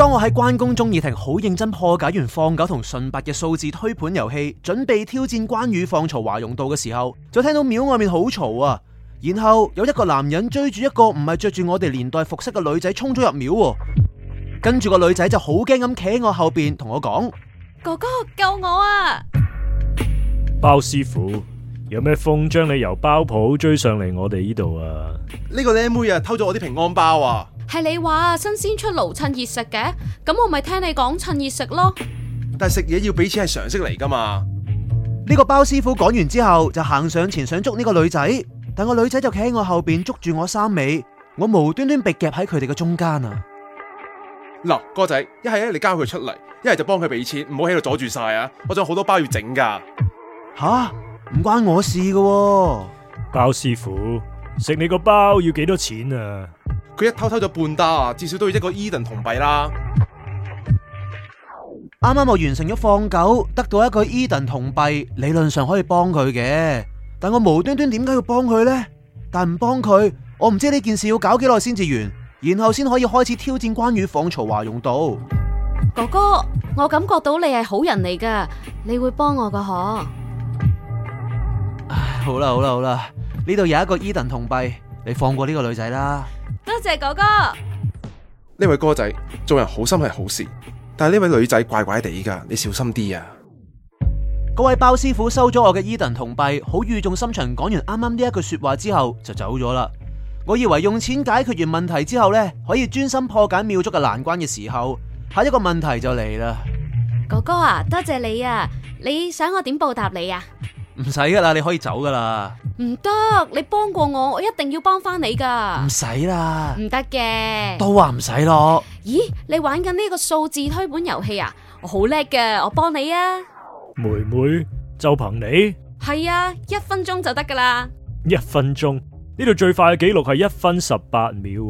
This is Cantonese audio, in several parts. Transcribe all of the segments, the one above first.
當我喺關公忠義亭好認真破解完放9同順8嘅數字推盤遊戲，準備挑戰關羽放曹華容道嘅時候，就聽到廟外面好嘈啊！然後有一個男人追住一個唔係着住我哋年代服飾嘅女仔衝咗入廟、啊，跟住個女仔就好驚咁企喺我後邊同我講：哥哥救我啊！包師傅。有咩風將你由包鋪追上嚟我哋呢度啊？呢個靚妹啊，偷咗我啲平安包啊！係你話新鮮出爐趁熱食嘅，咁我咪聽你講趁熱食咯。但係食嘢要俾錢係常識嚟噶嘛？呢個包師傅講完之後就行上前想捉呢個女仔，但個女仔就企喺我後邊捉住我衫尾，我無端端被夾喺佢哋嘅中間啊！嗱，哥仔，一係咧你交佢出嚟，一係就幫佢俾錢，唔好喺度阻住晒啊！我仲有好多包要整噶。吓、啊！唔關我事噶喎，包師傅，食你個包要幾多錢啊？佢一偷偷咗半打，至少都要一個 Eden 銅幣啦。啱啱我完成咗放9，得到一個 Eden 銅幣，理論上可以幫佢嘅。但我無端端點解要幫佢呢？但唔幫佢，我唔知呢件事要搞幾耐先至完，然後先可以開始挑戰關羽放曹華容道。哥哥，我感覺到你係好人嚟噶，你會幫我噶，嗬。好啦好啦好啦，呢度有一個 Eden 銅幣，你放過呢個女仔啦。多謝，謝哥哥。呢位哥仔做人好心係好事，但係呢位女仔怪怪地噶，你小心啲啊！嗰位包師傅收咗我嘅 Eden 銅幣，好語重心長講完啱啱呢一句說話之後，就走咗啦。我以為用錢解決完問題之後呢，可以專心破解廟祝嘅難關嘅時候，下一個問題就嚟啦。哥哥啊，多謝，謝你啊，你想我點報答你啊？唔使噶啦，你可以走噶啦。唔得，你幫過我，我一定要幫返你噶。唔使啦，唔得嘅。都話唔使咯。咦，你玩緊呢個數字推盤遊戲啊？我好叻噶，我幫你啊。妹妹，就憑你？係啊，一分鐘就得噶啦。一分鐘，呢度最快嘅紀錄係一分十八秒。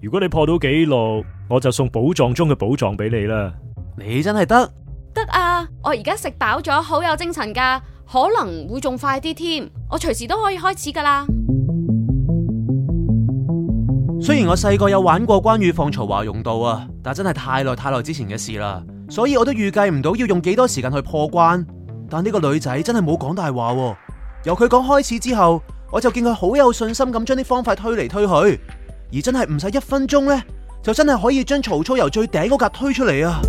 如果你破到紀錄，我就送寶藏中嘅寶藏俾你啦。你真係得？得啊！我而家食飽咗，好有精神噶。可能會仲快啲添，我隨時都可以開始噶啦。雖然我細個有玩過關羽放曹華容道啊，但真係太耐太耐之前嘅事啦，所以我都預計唔到要用幾多時間去破關。但呢個女仔真係冇講大話，由佢講開始之後，我就見佢好有信心咁將啲方法推嚟推去，而真係唔使一分鐘呢，就真係可以將曹操由最頂嗰格推出嚟啊！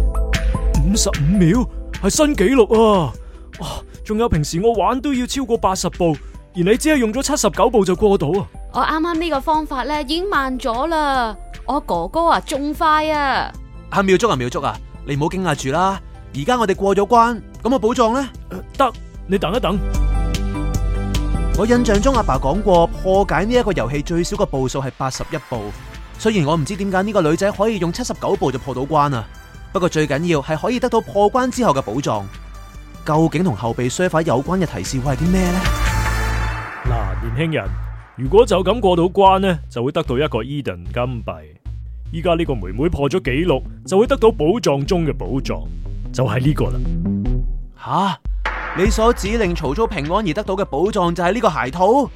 五十五秒係新紀錄啊！哇！仲有平時我玩都要超過八十步，而你只係用咗七十九步就過到啊！我啱啱呢個方法咧已經慢咗啦，我哥哥啊仲快啊！阿、啊、廟祝啊廟祝啊，你唔好驚訝住啦！而家我哋過咗關，咁我寶藏呢？得、啊、你等一等。我印象中阿爸講過，破解呢一個遊戲最少個步數係八十一步。雖然我唔知點解呢個女仔可以用七十九步就破到關啊，不過最緊要係可以得到破關之後嘅寶藏。究竟同後備 server 有關嘅提示會係啲咩呢？嗱，年輕人，如果就咁過到關呢，就會得到一個 Eden 金幣。依家呢個妹妹破咗紀錄，就會得到寶藏中嘅寶藏，就係、是、呢個啦。吓，你所指令曹操平安而得到嘅寶藏就係呢個鞋套。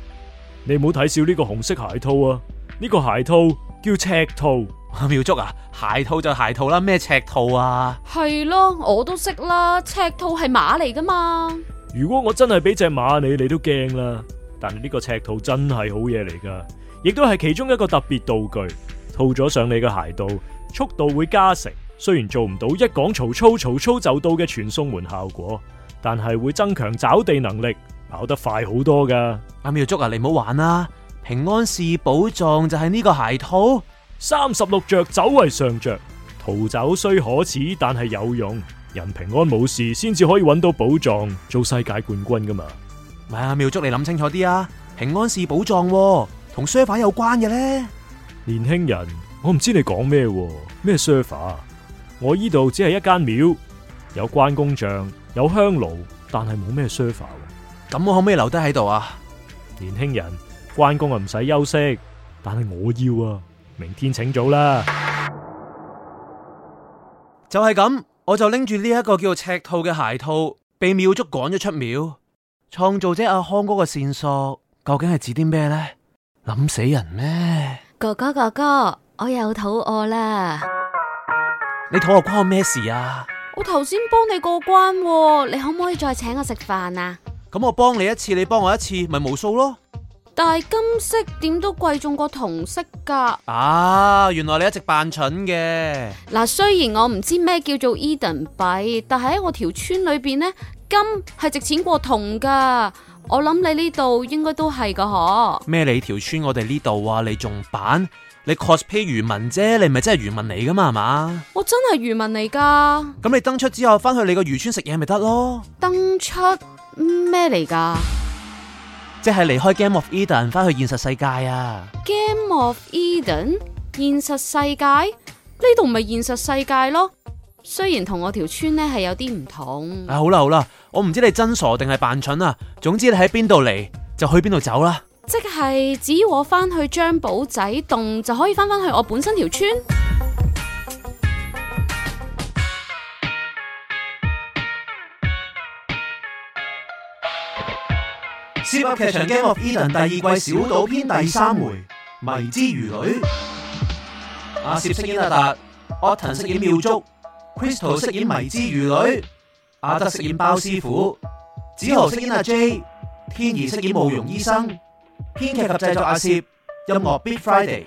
你唔好睇少呢個紅色鞋套啊！呢、這個鞋套叫赤套。阿、啊、廟祝啊，鞋套就鞋套啦，咩赤套啊？係咯，我都識啦，赤兔係馬嚟噶嘛？如果我真係俾隻馬你，你都驚啦。但係呢個赤套真係好嘢嚟噶，亦都係其中一個特別道具。套咗上你嘅鞋度，速度會加成。雖然做唔到一講曹操，操，曹操，操，操就到嘅傳送門效果，但係會增強爪地能力，跑得快好多噶。阿、啊、廟祝啊，你唔好玩啦！平安是寶藏就係呢個鞋套。三十六着，走為上着，逃走雖可恥，但係有用。人平安冇事先至可以揾到寶藏，做世界冠軍噶嘛？唔係啊，廟祝，你諗清楚啲啊！平安是寶藏，啊，同 server 有關嘅咧？年輕人，我唔知你講咩，啊，咩 server？啊，我依度只係一間廟，有關公像，有香爐，但係冇咩 server。咁我可唔可以留低喺度啊？年輕人，關公啊唔使休息，但係我要啊！明天請早啦，就係咁，我就拎住呢一個叫做赤套嘅鞋套，被廟祝趕咗出廟。創造者阿康哥嘅線索究竟係指啲咩呢？諗死人咩？哥哥哥哥，我又肚餓啦。你肚餓關我咩事啊？我頭先幫你過關喎，你可唔可以再請我食飯啊？咁我幫你一次，你幫我一次，咪無數咯但係金色點都貴重過銅色噶。啊，原來你一直扮蠢嘅。嗱，雖然我唔知咩叫做 Eden 幣，但係喺我條村裏邊咧，金係值錢過銅噶。我諗你呢度應該都係噶嗬。咩你條村？我哋呢度啊，你仲扮？你 cosplay 漁民啫，你咪真係漁民嚟噶嘛？係嘛？我真係漁民嚟噶。咁你登出之後，翻去你個漁村食嘢咪得咯？登出咩嚟噶？即係離開 Game of Eden 翻去現實世界啊！Game of Eden？現實世界？呢度唔係現實世界咯，雖然同我條村呢係有啲唔同。啊，好啦好啦，我唔知你真傻定係扮蠢啊，總之你喺邊度嚟就去邊度走啦，啊。即係只要我翻去張寶仔洞，就可以翻返去我本身條村。Zip 噏《劇場 Game of Eden》第二季《小島篇》第三回《迷之魚女》。阿攝飾演阿達，阿騰飾演廟祝，Crystal 飾演迷之魚女，阿德飾演包師傅，子豪飾演阿 J，天兒飾演慕容醫生。編劇及製作阿攝，音樂 Big Friday。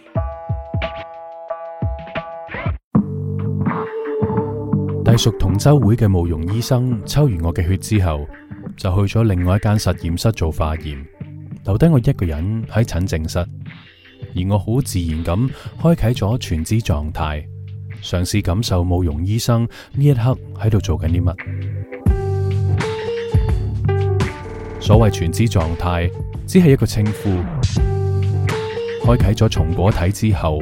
隸屬同舟會嘅慕容醫生抽完我嘅血之後，就去咗另外一間實驗室做化驗，留低我一個人喺診症室，而我好自然咁開啟咗全知狀態，嘗試感受慕容醫生呢一刻喺度做緊啲乜。所謂全知狀態，只係一個稱呼。開啟咗松果體之後，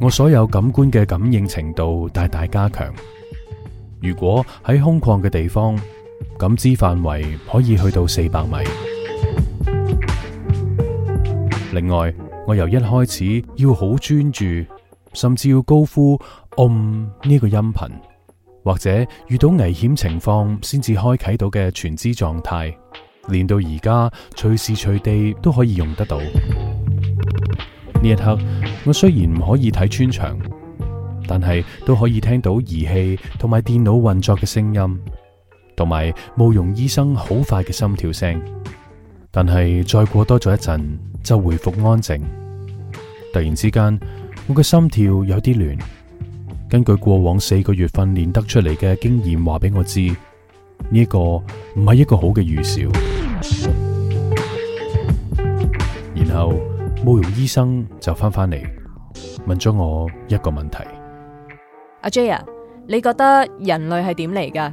我所有感官嘅感應程度大大加強。如果喺空曠嘅地方，感知範圍可以去到四百米。另外，我由一開始要好專注，甚至要高呼 o 呢個音頻，或者遇到危險情況先至開啟到嘅全知狀態，練到而家隨時隨地都可以用得到。呢一刻，我雖然唔可以睇穿牆，但係都可以聽到儀器同埋電腦運作嘅聲音。同埋慕容醫生好快嘅心跳聲，但係再過多咗一陣就回復安靜。突然之間，我嘅心跳有啲亂。根據過往四個月訓練得出嚟嘅經驗，話俾我知呢個唔係一個好嘅預兆。然後慕容醫生就翻返嚟問咗我一個問題：阿 Jay，你覺得人類係點嚟㗎？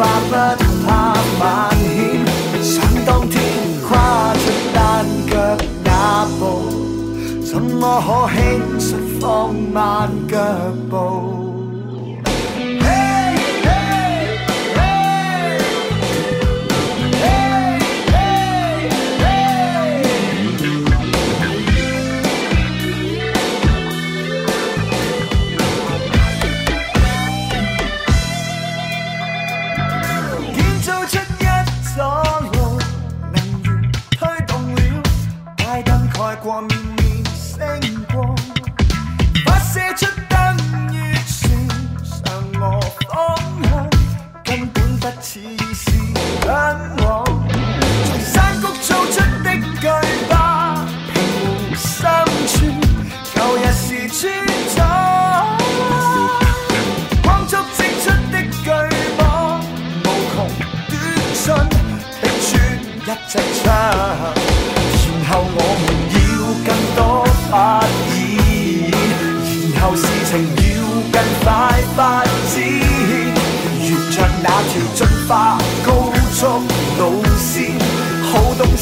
不怕萬險，想當天跨出單腳那步，怎麼可輕率放慢腳步？